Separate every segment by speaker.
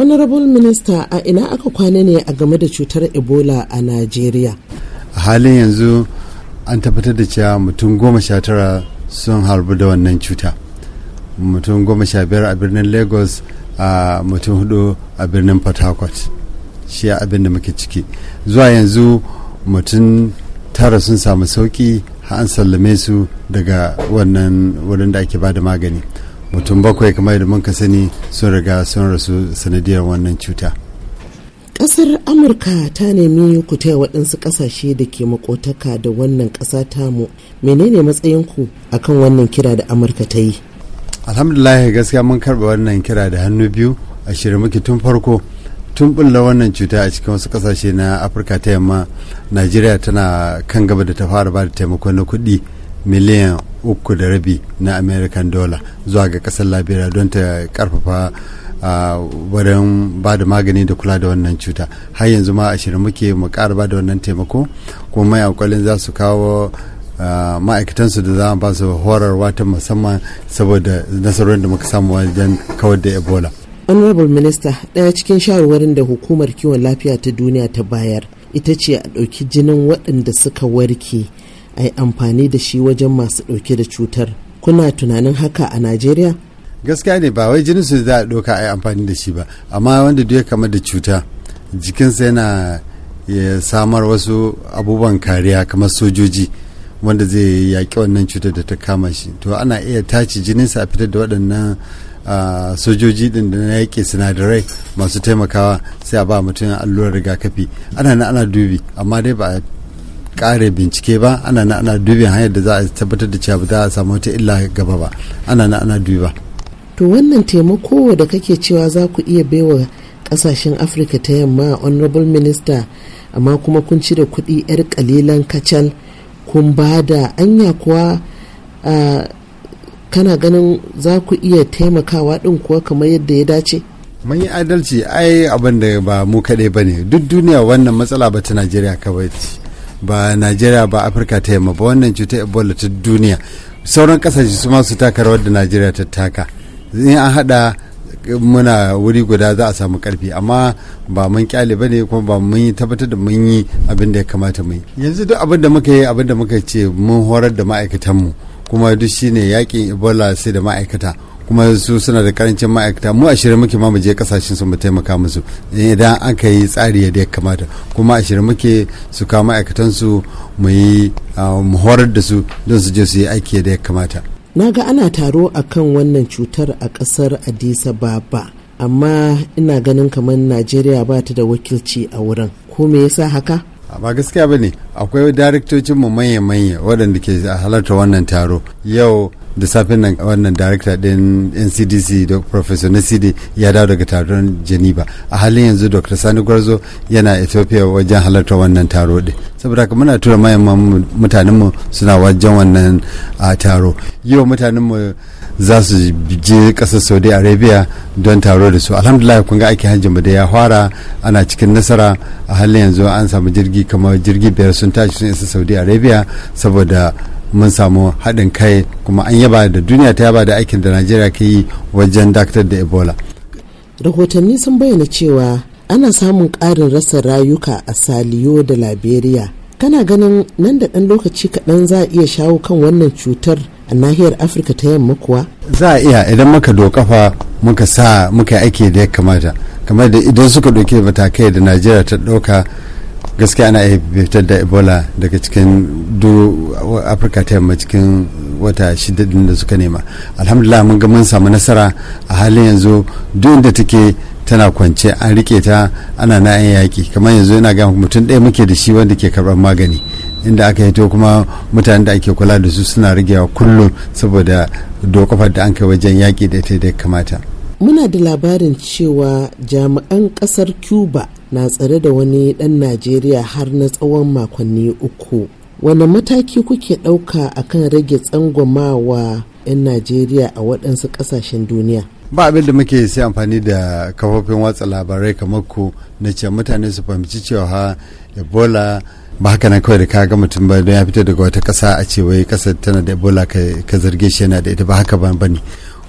Speaker 1: honorable minister a ina aka kwana ne a game da cutar ebola a najeriya
Speaker 2: a halin yanzu an tabbatar da cewa mutum goma sha tara sun harbu da wannan cuta mutum goma sha biyar a birnin lagos a mutum hudu a birnin port harcourt shi a abin da muke ciki zuwa yanzu mutum tara sun samu sauki an sallame su daga wannan wurin da ake ba da magani mutum bakwai kamar da muka sani sun riga sun rasu sanadiyar wannan cuta
Speaker 1: ƙasar amurka ta nemi ku taya waɗansu ƙasashe da ke makotaka da wannan ƙasa tamu menene matsayinku akan wannan kira
Speaker 2: da amurka ta yi alhamdulillah gaskiya mun karɓa wannan kira da hannu biyu a shirin muke tun farko tun bulla wannan cuta a cikin wasu ƙasashe na afirka ta yamma najeriya tana kan gaba da ta fara ba da taimako na kuɗi miliyan uku da rabi na american dollar zuwa ga kasar liberia don ta karfafa wurin ba da magani da kula da wannan cuta har yanzu ma ashirin muke mu ƙara ba da wannan taimako kuma mai akwalin za su kawo ma'aikatansu da za ba su horarwa ta musamman saboda nasarorin da muka samu wajen kawar da ebola honorable minister
Speaker 1: ɗaya cikin shawarwarin da hukumar kiwon lafiya ta duniya ta bayar ita ce a ɗauki jinin waɗanda suka warke a yi amfani da shi wajen masu ɗauke da cutar kuna tunanin haka a najeriya
Speaker 2: gaskiya ne ba wai jinin su za a ɗauka a yi amfani da shi ba amma wanda duk ya kama da cuta jikinsa yana ya samar wasu abubuwan kariya kamar sojoji wanda zai yaƙi wannan cutar da ta kama shi to ana iya tace jininsa a fitar da waɗannan sojoji ɗin da na yaƙi sinadarai masu taimakawa sai a ba mutum allurar rigakafi ana ana dubi amma dai ba kare bincike ba ana na ana dubin hanyar da za a tabbatar da cewa za a samu wata illa gaba ba ana na ana duba
Speaker 1: to wannan taimako da kake cewa za ku iya baiwa kasashen afirka ta yamma honorable minister amma kuma kun ci da kuɗi 'yar kalilan kacal kun ba da anya kuwa kana ganin za ku iya taimakawa ɗin kuwa kamar yadda ya dace
Speaker 2: mun yi adalci ai abin da ba mu kaɗai ba ne duk duniya wannan matsala ba ta najeriya kawai ce ba najeriya ba afirka ta yamma ba wannan cutar ebola ta duniya sauran kasashe su ma su taka rawar da najeriya ta taka in an hada muna wuri guda za a samu karfi amma ba mun kyale ba ne kuma ba mun yi tabbatar da mun yi abin da ya kamata mu yi yanzu duk abin da muka yi abin da muka ce mun horar da ma'aikatanmu kuma duk shine yakin ebola sai da ma'aikata kuma su suna da karancin ma'aikata mu a muke ma mu je kasashen su mu taimaka musu idan aka yi tsari yadda ya kamata kuma a muke su kawo ma'aikatan su mu yi mu horar da su don su je su yi aiki yadda ya kamata
Speaker 1: na ga ana taro a kan wannan cutar a ƙasar adisa baba amma ina ganin kamar najeriya ba ta da wakilci a wurin ko me yasa haka
Speaker 2: ba gaskiya ba ne akwai daraktocin mu manya-manya waɗanda ke halarta wannan taro yau da safin nan wannan director din ncdc da professor nasidi ya dawo daga taron geneva a halin yanzu dr sani gwarzo yana ethiopia wajen halartar wannan taro din saboda haka muna tura mayan mutanenmu suna wajen wannan taro yau mutanenmu za su je kasar saudi arabia don taro da su alhamdulillah kun ga ake mu da ya fara ana cikin nasara a halin yanzu an samu jirgi kamar jirgi biyar sun tashi sun isa saudi arabia saboda mun samu haɗin kai kuma an yaba da duniya ta yaba da aikin da najeriya ke yi wajen dakatar da ebola
Speaker 1: rahotanni sun bayyana cewa ana samun ƙarin rasa rayuka a saliyo da liberia kana ganin nan da ɗan lokaci kaɗan za a iya shawo kan wannan cutar a nahiyar afirka ta yamma kuwa
Speaker 2: za a iya idan muka dokafa muka sa muka aiki da ya kamata kamar da idan suka ɗauki matakai da najeriya ta ɗauka gaskiya ana iya fitar da ebola daga cikin duru afirka ta yamma cikin wata shida da suka nema alhamdulillah mun ga mun samu nasara a halin yanzu duk inda take tana kwance an rike ta ana na yan yaƙi kamar yanzu yana ga mutum ɗaya muke da shi wanda ke karɓar magani inda aka hito kuma mutanen da ake kula da su suna rigewa kullum saboda dokofar da an kai wajen yaki da ta da kamata
Speaker 1: muna da labarin cewa jami'an kasar cuba na tsare da wani dan najeriya har na tsawon makonni uku wani mataki kuke ɗauka akan rage tsangwamawa 'yan najeriya a waɗansu ƙasashen duniya
Speaker 2: ba abin da muke sai amfani da kafofin watsa labarai kamar ku na ce mutane su fahimci cewa ebola ba haka nan kawai da ka ga mutum ba don ya fito daga wata ƙasa a ce wai ƙasar tana da ebola ka zarge shi yana da ita ba haka ba ne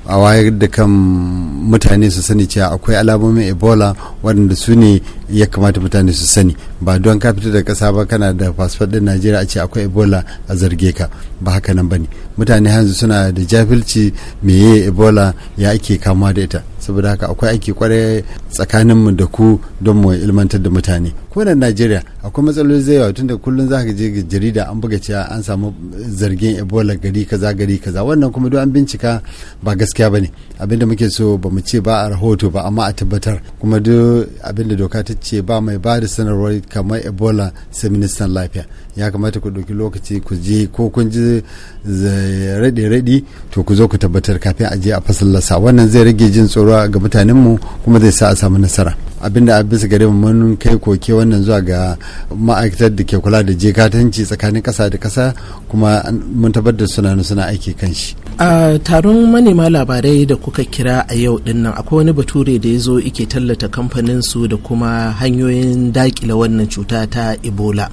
Speaker 2: a wayar da kan mutane su sani cewa akwai alamomin ebola waɗanda su ne ya kamata mutane su sani ba don ka fita da ƙasa ba kana da fasfot ɗin najeriya a ce akwai ebola a zarge ka ba haka nan ba ne mutane hanzu suna da jafilci meye ebola ya ake kamuwa da ita saboda haka akwai aiki kwarai tsakaninmu da ku don mu ilmantar da mutane ko nan najeriya akwai matsaloli zai yawa tunda kullum za ka je jarida an buga cewa an samu zargin ebola gari kaza gari kaza wannan kuma duk an bincika ba gaskiya ba ne abinda muke so ba mu ce ba a rahoto ba amma a tabbatar kuma duk abinda doka ta ce ba mai ba da sanarwar kamar ebola sai ministan lafiya ya kamata ku ɗauki lokaci ku je ko kun ji raɗe-raɗi to ku zo ku tabbatar kafin a je a fasallasa wannan zai rage jin tsoro ruwa ga mutanenmu kuma zai sa a samu nasara abinda a bisa gare mu mun kai koke wannan zuwa ga ma'aikatar da ke kula da jekatanci tsakanin ƙasa da kasa kuma mun tabbatar suna suna aiki kan shi
Speaker 1: a taron manema labarai da kuka kira a yau dinnan akwai wani bature da ya zo ike tallata kamfanin su da kuma hanyoyin dakila wannan cuta ta ebola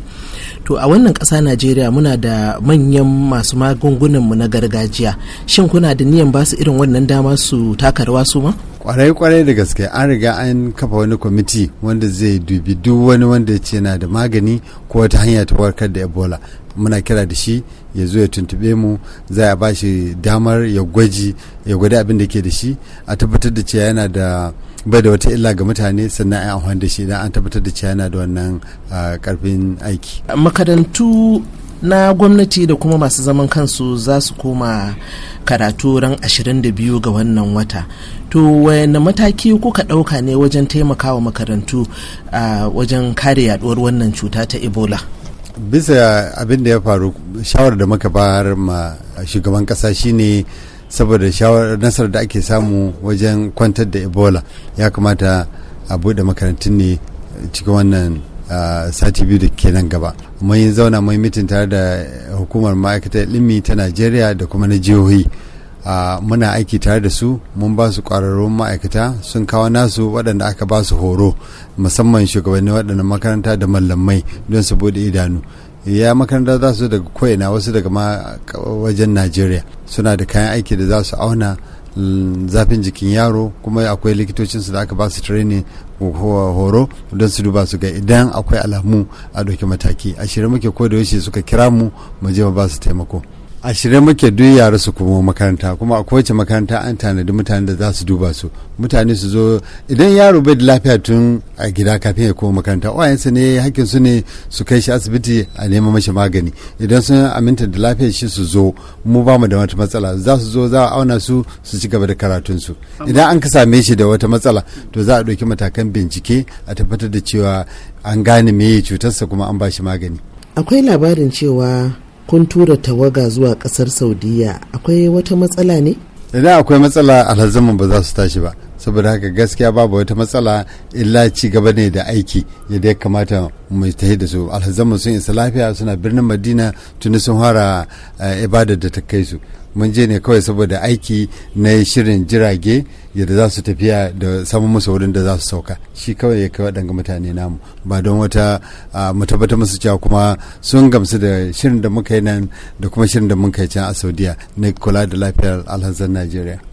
Speaker 1: to a wannan ƙasa najeriya muna da manyan masu magungunan mu na gargajiya shin kuna da niyan basu irin wannan dama su taka rawa su ma
Speaker 2: kwarai kwarai da gaske an riga an kafa wani kwamiti wanda zai dubi duk wani wanda ya ce yana da magani ko wata hanya ta warkar da ebola muna kira da shi ya zo ya tuntube mu za a ba shi damar ya gwaji ya gwada abin da ke da shi a tabbatar da cewa yana da bai da wata illa ga mutane sannan an amfani da shi idan an tabbatar da cewa yana da wannan karfin ah, aiki makarantu na gwamnati da kuma masu zaman kansu za su koma
Speaker 1: karatu ran 22 ga wannan wata to wani mataki kuka ɗauka ne wajen taimakawa makarantu a wajen kare yaduwar wannan cuta ta ebola
Speaker 2: bisa abin da ya faru shawar da muka bayar ma shugaban kasa shine saboda shawar nasarar da ake samu wajen kwantar da ebola ya kamata a buɗe makarantun ne cikin wannan sati biyu da ke nan gaba mun zauna mun mitin tare da hukumar ma'aikatar ilimi ta najeriya da kuma na jihohi muna aiki tare da su mun ba su kwararrun ma'aikata sun kawo nasu waɗanda aka ba su horo musamman shugabanni waɗannan makaranta da mallamai don su bude idanu ya makaranta za su daga ko'ina wasu daga ma wajen najeriya suna da kayan aiki da za su auna zafin jikin yaro kuma akwai likitocin su da aka ba su training horo don su duba su ga idan akwai alamu a doki mataki a muke ko da yaushe suka kira mu mu je mu ba su taimako a shirye muke duk yara su kuma makaranta kuma a kowace makaranta an tanadi mutane da za su duba su mutane su zo idan yaro bai da lafiya tun a gida kafin ya koma makaranta wayansu ne hakkin su ne su kai shi asibiti a nema mashi magani idan sun aminta da lafiyar shi su zo mu ba mu da wata matsala za su zo za a auna su su ci gaba da karatun su idan an ka same shi da wata matsala to za a ɗauki matakan bincike a tabbatar da cewa an gane me ya cutarsa kuma an ba shi magani
Speaker 1: akwai labarin cewa kun tura tawaga zuwa kasar saudiya akwai wata matsala
Speaker 2: ne idan akwai matsala alhazaman ba za su tashi ba saboda haka gaskiya babu wata matsala illa ci gaba ne da aiki yadda ya kamata mu tahi da su alhazaman sun isa lafiya suna birnin madina tuni sun fara eh, ibada da ta kai su mun je ne kawai saboda aiki na shirin jirage yadda za su tafiya da samun musu wurin da za su sauka shi kawai ya kai waɗanga mutane namu ba don wata mu tabbatar musu cewa kuma sun gamsu da shirin da muka yi nan da kuma shirin da muka yi can a saudiya na kula da lafiyar alhazan najeriya